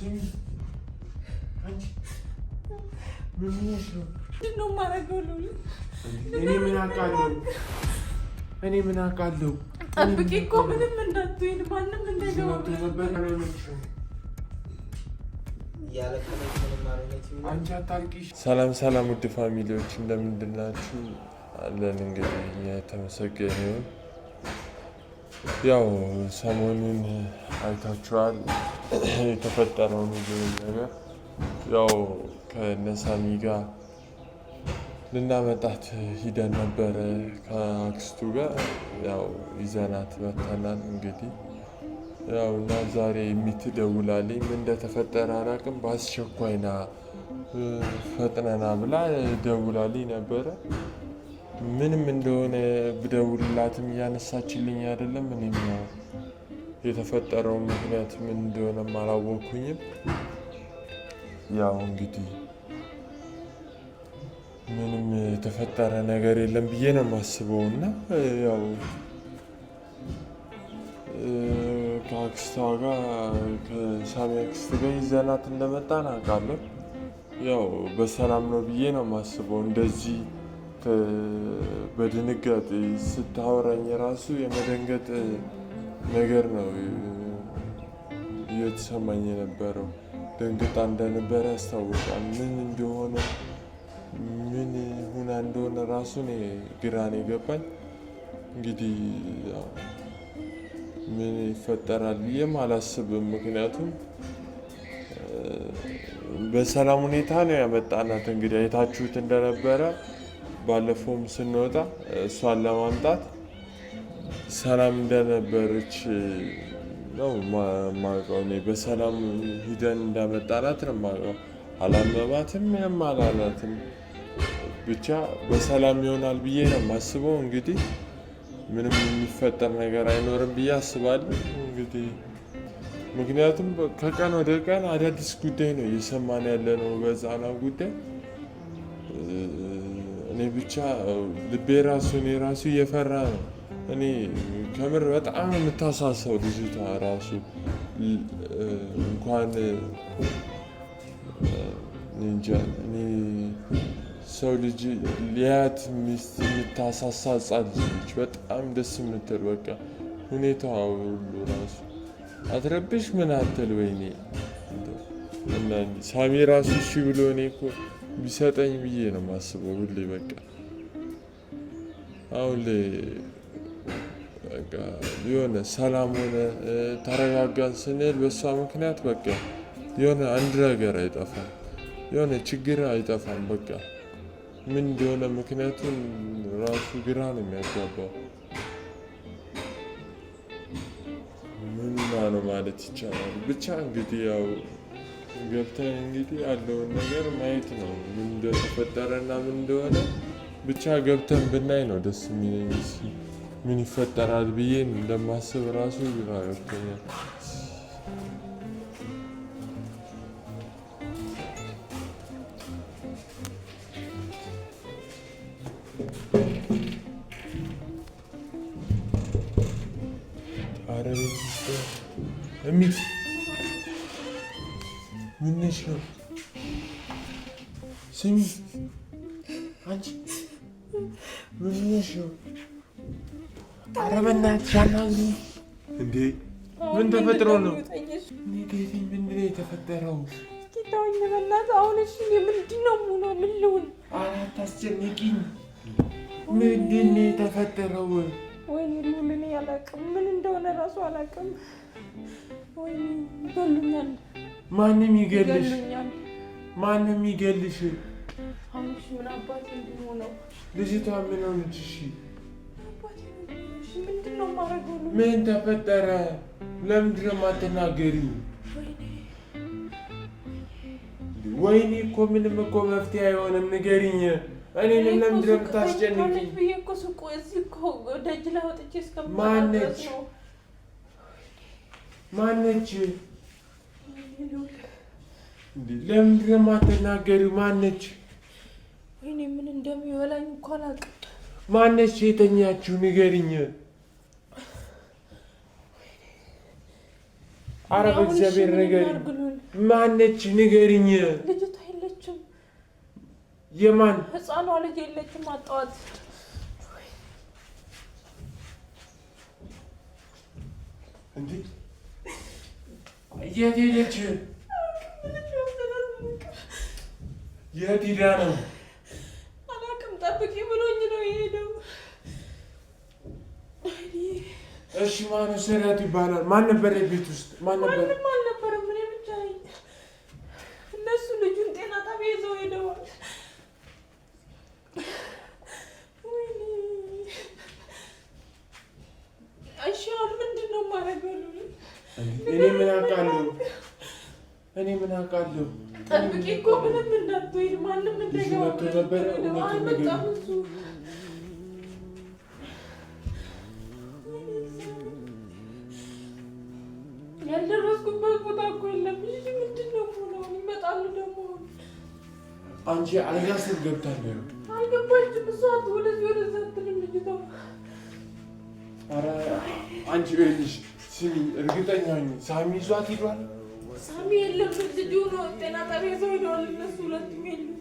እኔ ምን አውቃለሁ? ጠብቄ እኮ ምንም እንዳትሆን ማንም እንዳይገባ ሰላም ሰላም፣ ውድ ፋሚሊዎች እንደምንድን ናችሁ? አለን እንግዲህ የተመሰገነ ይሁን። ያው ሰሞኑን አይታችኋል። የተፈጠረው ነገር ያው ከነሳሚ ጋር ልናመጣት ሂደን ነበረ ከአክስቱ ጋር ያው ይዘናት መተናል። እንግዲህ ያው እና ዛሬ የሚትደውላልኝ ምን እንደተፈጠረ አላቅም። በአስቸኳይና ፈጥነና ብላ ደውላልኝ ነበረ። ምንም እንደሆነ ብደውልላትም እያነሳችልኝ አይደለም እኔም የተፈጠረው ምክንያት ምን እንደሆነም አላወኩኝም። ያው እንግዲህ ምንም የተፈጠረ ነገር የለም ብዬ ነው የማስበው እና ያው ከአክስቷ ጋር ከሳሚ አክስት ጋር ይዘናት እንደመጣን አውቃለሁ። ያው በሰላም ነው ብዬ ነው የማስበው። እንደዚህ በድንጋጤ ስታወራኝ ራሱ የመደንገጥ ነገር ነው እየተሰማኝ የነበረው። ደንግጣ እንደነበረ ያስታውቃል። ምን እንደሆነ ምን ሁና እንደሆነ ራሱን ግራ ነው የገባኝ። እንግዲህ ምን ይፈጠራል ብዬም አላስብም። ምክንያቱም በሰላም ሁኔታ ነው ያመጣናት። እንግዲህ አይታችሁት እንደነበረ ባለፈውም ስንወጣ እሷን ለማምጣት ሰላም እንደነበረች ነው ማውቀው። እኔ በሰላም ሂደን እንዳመጣናት ነው ማውቀው። አላመባትም፣ ያም ብቻ በሰላም ይሆናል ብዬ ነው የማስበው። እንግዲህ ምንም የሚፈጠር ነገር አይኖርም ብዬ አስባለሁ። እንግዲህ ምክንያቱም ከቀን ወደ ቀን አዳዲስ ጉዳይ ነው እየሰማን ያለ ነው በህፃና ጉዳይ። እኔ ብቻ ልቤ ራሱ እኔ ራሱ እየፈራ ነው እኔ ከምር በጣም የምታሳሰው ልጅቷ ራሱ እንኳን እንጃ እኔ ሰው ልጅ ሊያት ሚስት የምታሳሳ ጻል ልጅ በጣም ደስ የምትል በቃ ሁኔታዋ ሁሉ ራሱ አትረብሽ ምን አትል። ወይኔ እና ሳሚ ራሱ እሺ ብሎ እኔ እኮ ቢሰጠኝ ብዬ ነው ማስበው ሁሌ በቃ አሁን በቃ የሆነ ሰላም ሆነ ተረጋጋን ስንል በእሷ ምክንያት በቃ የሆነ አንድ ነገር አይጠፋም፣ የሆነ ችግር አይጠፋም። በቃ ምን እንደሆነ ምክንያቱን ራሱ ግራ ነው የሚያጋባው። ምንማ ነው ማለት ይቻላል። ብቻ እንግዲህ ያው ገብተን እንግዲህ ያለውን ነገር ማየት ነው ምን እንደተፈጠረ እና ምን እንደሆነ ብቻ ገብተን ብናይ ነው ደስ የሚለኝ። من يفتى العربيين لما أحسب راسه يغير الدنيا Arabi işte. Emin. Güneş yok. Hadi. Güneş ኧረ በእናትሽ አናግሪኝ። እንዴ ምን ተፈጥሮ ነው? ምንድን ነው የተፈጠረው? ጌታዬ በእናትህ አሁን እሺ፣ ምንድን ነው ሙሉ ምን ልሁን? ኧረ አታስጨንቂኝ። ምንድን ነው የተፈጠረው? ወይኔ ልሁን፣ እኔ አላውቅም፣ ምን እንደሆነ እራሱ አላውቅም። ወይኔ ይገሉኛል። ማንም ይገልሽ፣ ማንም ይገልሽ። አሁን እሺ ምን አባት እንዲሁ ልጅቷ ምን ሆነች? እሺ ነው የማደርገው? ምን ተፈጠረ? ለምንድን ነው የማትናገሪው? ወይኔ እኮ ምንም እኮ መፍትሄ አይሆንም። ንገሪኝ። እኔ ለምንድን ነው የምታስጨንቂኝ? ብዬሽ እኮ ሱቁ እዚህ እኮ ደጅ ላይ ወጥቼ ማነች ማነች? ለምንድን ነው የማትናገሪው? ማነች? ወይኔ ምን እንደሚበላኝ እኮ አላውቅም። ማነች የተኛችሁ ንገሪኝ። አረ በእግዚአብሔር ነገር ማነች ንገርኝ። ልጅቷ የለችም። የማን ህፃኗ ልጅ የለችም። አጠዋት እንዴ የት ሄደች? የት ሄዳ ነው? አላውቅም። ጠብቂ ብሎኝ እሺ ማነ ሰሪያቱ ይባላል። ማን ነበር የቤት ውስጥ ማን ነበር? አልነበረም፣ ምን ብቻ። እነሱ ልጁን ጤና ጣቢያ ይዘው ሄደዋል። እሺ አሁን ምንድን ነው የማደርገው? እኔ ምን አውቃለሁ? እኔ ምን አውቃለሁ? ጠብቂ እኮ ምንም እንዳትወይ፣ ማንም እንዳይገባ የደረስኩበት ቦታ እኮ የለም። ይህ ምንድን ነው? ነው ይመጣሉ ደግሞ አንቺ አልጋ ስር ገብታለ። አልገባችም እሷ ወደዚህ ወደዛ ትልም ልጅቷ። ኧረ አንቺ ይኸውልሽ፣ ስሚ፣ እርግጠኛ ሳሚ ይዟት ሂዷል። ሳሚ የለም፣ ልጁ ነው ጤና ጣቢያ ይዘው ሄደዋል። እነሱ ሁለቱም የሉም።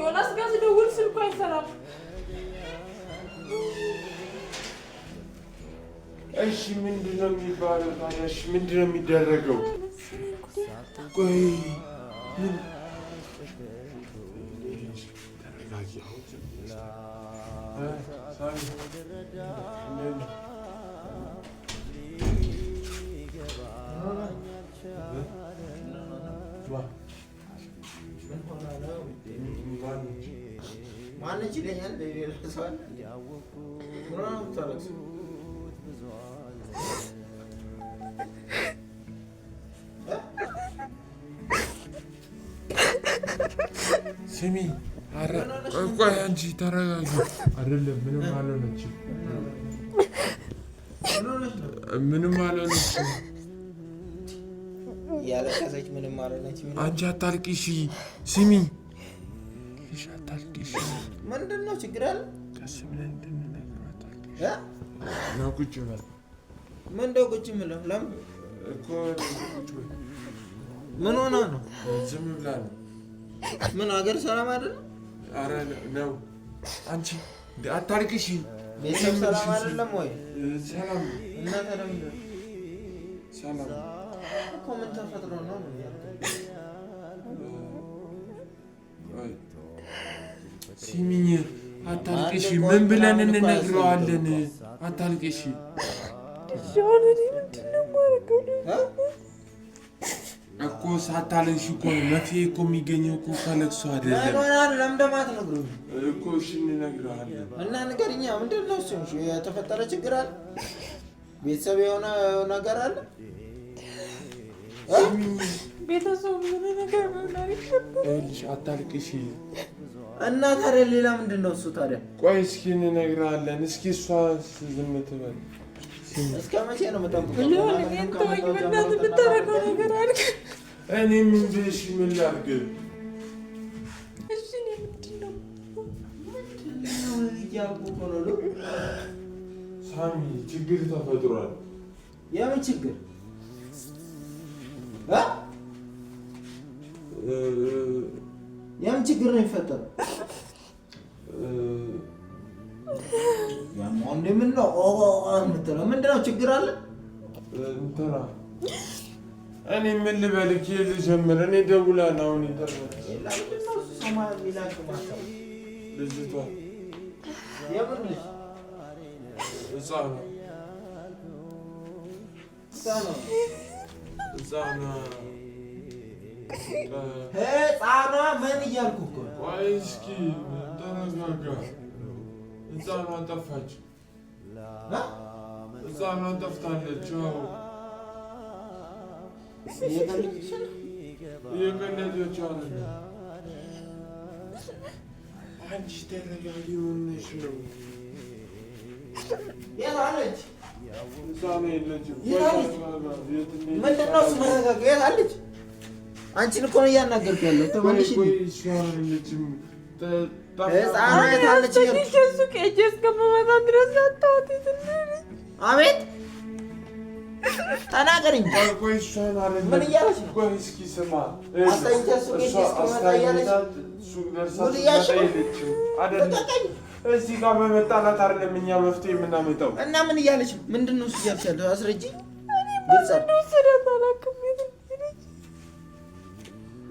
ዮናስ አስጋ ስደውል ስልኩ አይሰራም። እሺ ምንድን ነው የሚባለው? ታዲያ እሺ ምንድን ነው የሚደረገው? ቆይ ማነች ይለኛል። ሌላ ሰው አለ ስሚ ቆይ አንቺ ተረጋጊ። አይደለም ምንም አልሆነችም፣ ምንም አልሆነችም። ምንም አንቺ አታልቅሽ። ስሚ ምንድን ነው ችግር አለ? ምን እንደው ለምን ሆና ነው? ዝም ብላ ነው ምን ሀገር ሰላም አይደለም? አረ ነው አንቺ አታርቅሽ። ቤተሰብ ሰላም አይደለም ወይ? ሰላም እና ሰላም እኮ ምን ተፈጥሮ ነው? ሲሚኝ አታልቅሽ። ምን ብለን እንነግረዋለን? አታልቅሽ። ምንድን ነው የማደርገው? እኮ ሳታለሽ እኮ ነው መፍትሄ እኮ የሚገኘው እኮ ከለቅሶ አይደለም። የተፈጠረ ችግር አለ? ቤተሰብ የሆነ ነገር አለ? አታልቅሽ። እና ታዲያ ሌላ ምንድን ነው እሱ ታዲያ? ቆይ እስኪ እንነግርሃለን። እስኪ እሷ ዝም ትበል። እስከ መቼ ነው የምጠብቀው? እኔ ምን ብሽ ምን ላድርግ? እሺ ሳሚ ችግር ተፈጥሯል። የምን ችግር? የምን ችግር ነው የሚፈጠረው? ምንድን ነው? ምንድን ነው ችግር አለ? እንትና እኔ ምን ልበል ኬዝ ጀምር እኔ ደውላ ነው አሁን ኢንተርኔት ህፃኗ ምን እያልኩ እኮ ቆይ እስኪ ተረጋጋ ህፃኗ ጠፋች ህፃኗ ጠፍታለች አንቺን እኮ ነው እያናገርኩ ያለው። ተመልሽ ህፃናት አቤት ተናገርኝ። ምን እያለች ነው? እዚህ ጋር በመጣላት አይደለም እኛ መፍትሄ የምናመጣው። እና ምን እያለች ነው? ምንድን ነው እሱ እያለች ያለው? አስረጅኝ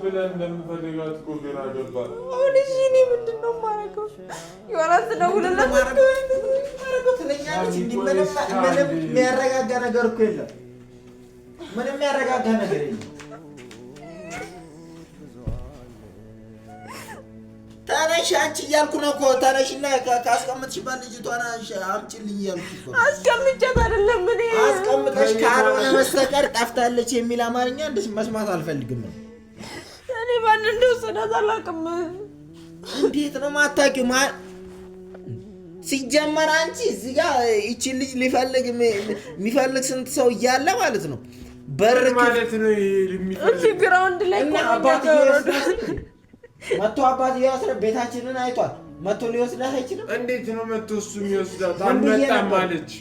ብለን እንደምፈልጋት እኮ ግራ ገባል። አሁን እሺ፣ እኔ ምንድን ነው የማደርገው? ዮናስ ደውልለት ትለኛለች። የሚያረጋጋ ነገር እኮ የለም። ምንም የሚያረጋጋ ነገር የለም። ተነሽ አንቺ እያልኩ ነው እኮ ተነሽና ካስቀምጥሽባት ልጅቷን አምጪልኝ እያልኩ እኮ አስቀምጫት አይደለም እኔ አስቀምጠሽ ካልሆነ ጠፍታለች የሚል አማርኛ መስማት አልፈልግም ነው እኔ ማን እንደወሰዳት አላውቅም እንዴት ነው ማታውቂው ሲጀመር አንቺ እዚህ ልጅ ሊፈልግ የሚፈልግ ስንት ሰው እያለ ማለት ነው በር ማለት ነው ግራውንድ ላይ መቶ አባት ያስረ ቤታችንን አይቷል። መቶ ሊወስዳት አይችልም። እንዴት ነው መቶ እሱ የሚወስዳት? አልመጣም አለች።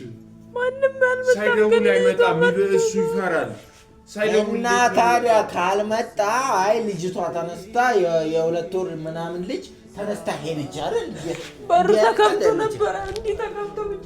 ማንም ያልመጣ አይመጣም። እሱ ይፈራል። እና ታዲያ ካልመጣ አይ ልጅቷ ተነስታ የሁለት ወር ምናምን ልጅ ተነስታ ሄደች አይደል? በሩ ተከፍቶ ነበረ እንዲህ ተከፍቶ ብቻ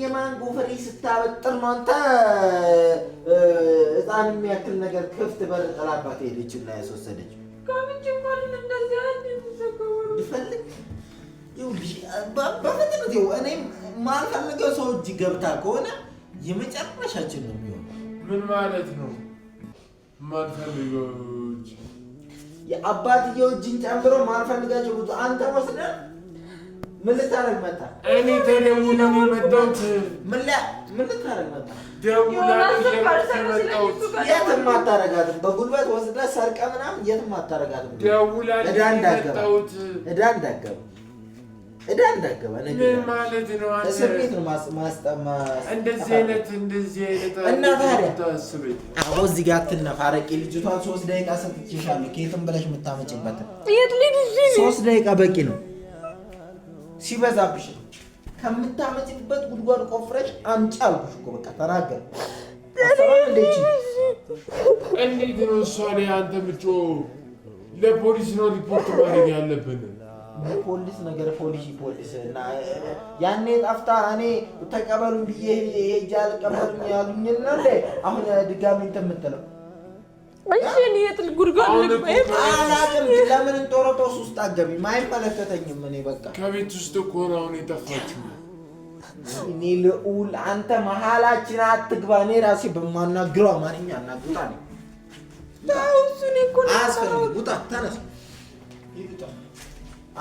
የማንጎ ፍሬ ስታበጥር ነው አንተ ሕፃን የሚያክል ነገር ክፍት በር ጥላባት ሄደች እና ያስወሰደች። በፍጥነት እኔም ማልፈልገው ሰው እጅ ገብታ ከሆነ የመጨረሻችን ነው የሚሆነው። ምን ማለት ነው ማልፈልገው የአባትየው እጅን ጨምሮ ማልፈልጋቸው አንተ ወስደህ ምን ልታረግ መጣ? እኔ ተደውላ ነው የመጣሁት። ምን ልታረግ መጣ? የትም አታረጋትም። በጉልበት ወስደ ሰርቀ ምናምን የትም አታረጋትም። ደውላ እንዳገባ ዕዳ እንዳገባ ማለት ነው። ስሜት ነው ማስጠማ። እንደዚህ አይነት እንደዚህ አይነት እና ታዲያ አዎ፣ እዚህ ጋር አትነፋረቂ። ልጅቷን ሶስት ደቂቃ ሰጥቼሻለሁ። ከየትም ብለሽ የምታመጭበትን ሶስት ደቂቃ በቂ ነው። ሲበዛብሽ ነው። ከምታመጭበት ጉድጓድ ቆፍረሽ አምጪ አልኩሽ እኮ በቃ ተናገር። እንዴት ነው እሷ አንተ ምጮ ለፖሊስ ነው ሪፖርት ማድረግ ያለብን። ፖሊስ ነገር ፖሊሲ ፖሊስ እና ያኔ ጠፍታ እኔ ተቀበሉን ብዬ ሄጄ አልቀበሉም ያሉኝ እና አሁን ድጋሚ እንትን የምትለው እሺ የጥል ጉድጓድ አላውቅም። ለምን እንጦሮጦስ ውስጥ አገቢ አይመለከተኝም። እኔ በቃ ከቤት ውስጥ እኮ ነው አሁን የጠፋችው። እኔ ልዑል፣ አንተ መሀላችን አትግባ። እኔ ራሴ በማናግረው አማርኛ እናግሩታለን። አያስፈልግም። ውጣ፣ ተነስ፣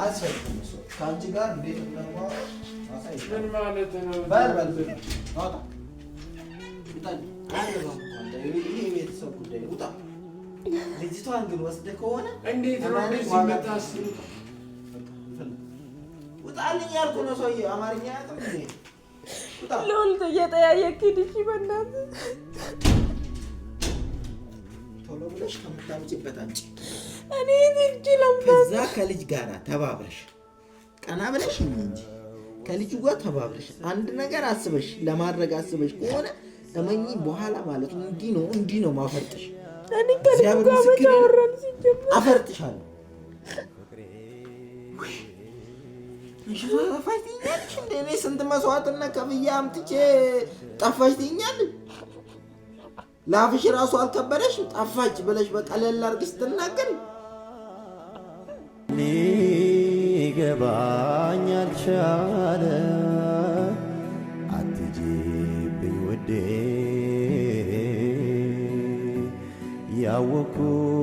አያስፈልግም። ከአንቺ ጋር እንዴት ምን ማለት ነው? በል በል በል፣ ውጣ፣ ውጣ፣ ይሄ የቤተሰብ ጉዳይ ውጣ ልጅቷን ግን ወስደህ ከሆነ እንዴት ነው እንደዚህ ውጣልኝ ያልኩህ ነው። ሰውዬ አማርኛ አያውቅም። ለወልድ እየጠያየክን እሺ፣ በእናትህ ቶሎ ብለሽ ከምታምጪበት አንቺ እኔ እንጂ ከዛ ከልጅ ጋር ተባብረሽ ቀና ብለሽ እንጂ ከልጁ ጋር ተባብረሽ አንድ ነገር አስበሽ ለማድረግ አስበሽ ከሆነ እመኚ በኋላ ማለት ነው እንዲህ ነው እንዲህ ነው ማፈርጥሽ አፈርጥሻለሁ። ጠፋሽ ትይኛለሽ። ስንት አምጥቼ ጠፋሽ ትይኛለሽ። ለአፍሽ ራሱ አልከበደሽ ጠፋች ብለሽ በቀለል አድርገሽ ስትናገር አትጂብኝ ውዴ 要我哭？